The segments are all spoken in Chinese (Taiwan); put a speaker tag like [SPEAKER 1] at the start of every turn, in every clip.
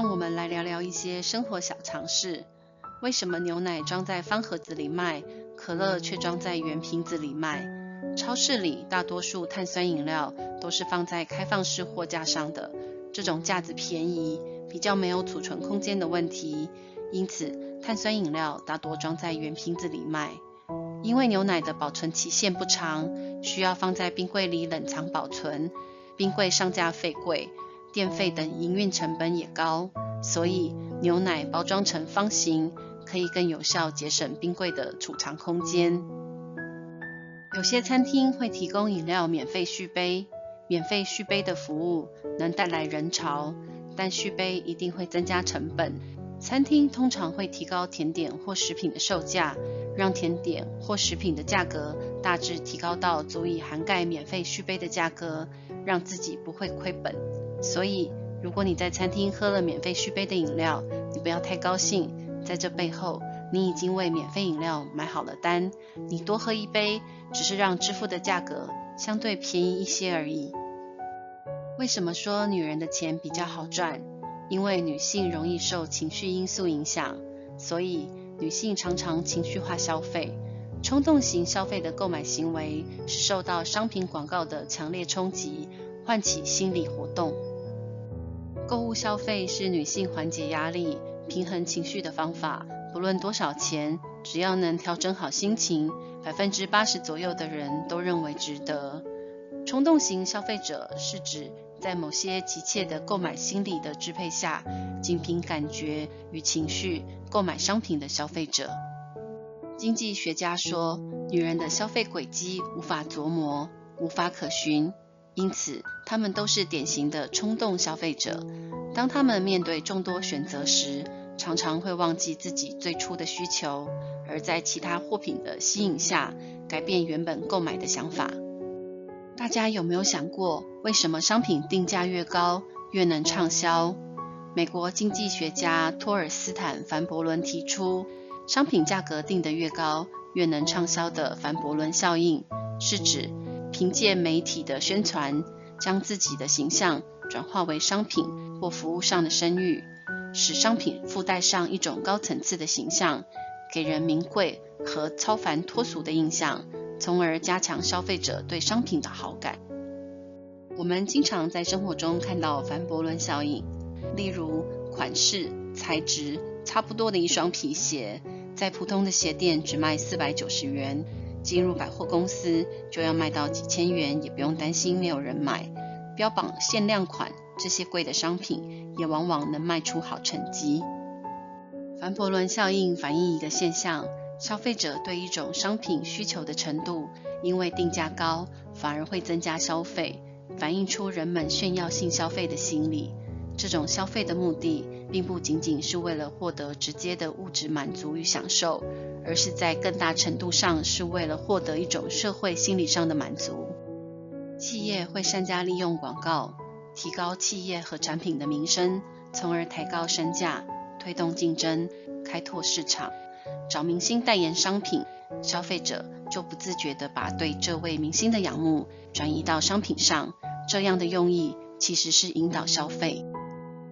[SPEAKER 1] 讓我們來聊聊一些生活小常識。為什麼牛奶裝在方盒子裡賣，可樂卻裝在圓瓶子裡賣？超市裡大多數碳酸飲料都是放在開放式貨架上的，這種架子便宜，比較沒有儲存空間的問題，因此碳酸飲料大多裝在圓瓶子裡賣。因為牛奶的保存期限不長，需要放在冰櫃裡冷藏保存，冰櫃上架費貴。電費等營運成本也高，所以牛奶包裝成方形可以更有效節省冰櫃的儲藏空間。有些餐廳會提供飲料免費續杯，免費續杯的服務能帶來人潮，但續杯一定會增加成本。餐廳通常會提高甜點或食品的售價，讓甜點或食品的價格大致提高到足以涵蓋免費續杯的價格，讓自己不會虧本。所以，如果你在餐廳喝了免費續杯的飲料，你不要太高興。在這背後，你已經為免費飲料買好了單。你多喝一杯，只是讓支付的價格相對便宜一些而已。為什麼說女人的錢比較好賺？因為女性容易受情緒因素影響，所以女性常常情緒化消費。衝動型消費的購買行為是受到商品廣告的強烈衝擊，喚起心理活動。購物消費是女性緩解壓力、平衡情緒的方法。不論多少錢，只要能調整好心情，百分之八十左右的人都認為值得。衝動型消費者是指在某些急切的購買心理的支配下，僅憑感覺與情緒購買商品的消費者。經濟學家說，女人的消費軌跡無法琢磨，無法可循。因此，他們都是典型的衝動消費者。當他們面對眾多選擇時，常常會忘記自己最初的需求，而在其他貨品的吸引下，改變原本購買的想法。大家有沒有想過，為什麼商品定價越高越能暢銷？美國經濟學家托爾斯坦·凡伯倫提出，商品價格定得越高越能暢銷的凡伯倫效應，是指。憑借媒體的宣傳，將自己的形象轉化為商品或服務上的聲譽，使商品附帶上一種高層次的形象，給人名貴和超凡脫俗的印象，從而加強消費者對商品的好感。我們經常在生活中看到凡勃倫效應，例如款式、材質差不多的一雙皮鞋，在普通的鞋店只賣四百九十元。進入百貨公司就要賣到幾千元，也不用擔心沒有人買。標榜限量款這些貴的商品，也往往能賣出好成績。凡勃倫效應反映一個現象，消費者對一種商品需求的程度，因為定價高，反而會增加消費，反映出人們炫耀性消費的心理。這種消費的目的，並不僅僅是為了獲得直接的物質滿足與享受，而是在更大程度上是為了獲得一種社會心理上的滿足。企業會善加利用廣告，提高企業和產品的名聲，從而抬高身價，推動競爭，開拓市場。找明星代言商品，消費者就不自覺地把對這位明星的仰慕轉移到商品上。這樣的用意其實是引導消費。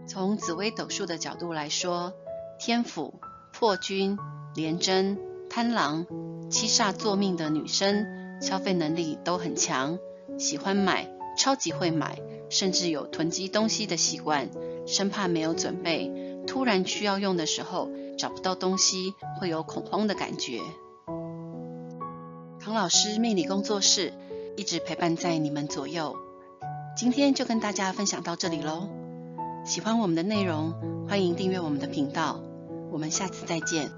[SPEAKER 1] 從紫微斗數的角度來說，天府、破軍、廉貞、貪狼、七煞作命的女生，消費能力都很強，喜歡買，超級會買，甚至有囤積東西的習慣，生怕沒有準備，突然需要用的時候找不到東西，會有恐慌的感覺。唐老師命理工作室一直陪伴在你們左右，今天就跟大家分享到這裡嘍。喜歡我們的內容，歡迎訂閱我們的頻道。我們下次再見。